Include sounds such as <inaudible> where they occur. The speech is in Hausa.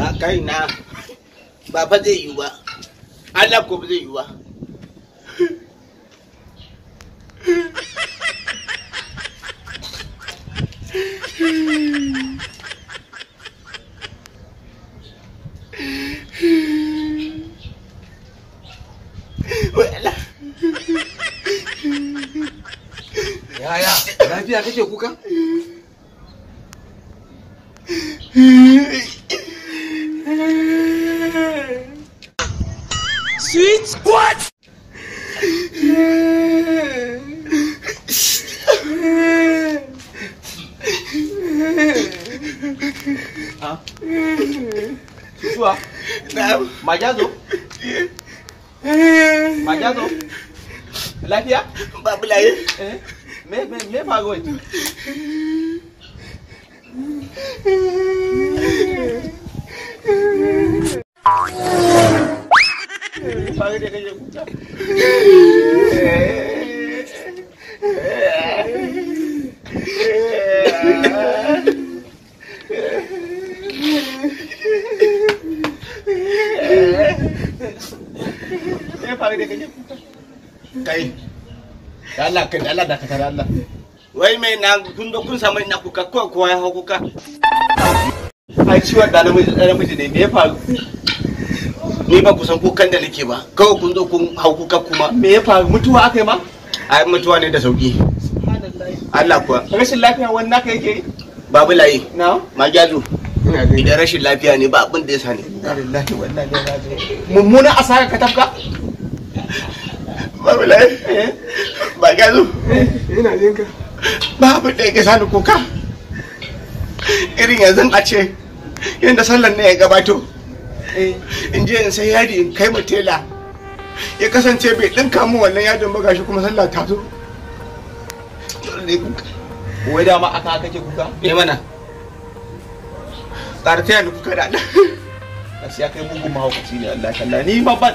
a kai na ba fa zai yiwu ba Allah ko zai yiwu ba Yaya, lafiya kake kuka? <laughs> Switch? What? Hả? Chú à? Nam Mày giá dụ? Mày giá dụ? Lafiya? Ba bu layi. Eh? Me me me faru wai. kai da Allah kai da Allah da ka Allah wai mai na kun kun samu ina kuka ko kowa ya hau ai ciwon da namiji da namiji ne me ya faru ni ba kusan kukan da nake ba kawai kun zo kun hau kuka kuma me ya faru mutuwa akai ma ai mutuwa ne da sauki Allah kuwa rashin lafiya wannan naka yake yi babu layi na magyazu idan rashin lafiya ne ba abin da ya sani mummunan asara ka tafka babu layi eh? magyazu eh, ina jinka babu da ya sani kuka irin yanzu a ce yadda sallan ne ya gabato Eh, in je in sai yadi in kai mu tela ya kasance bai ɗinka kamu wannan yadin ba gashi kuma sallah ta zo wai dama aka kake kuka eh mana tare ta yana kuka da sai ya kai bugun mahaukaci ne Allah kalla ni babban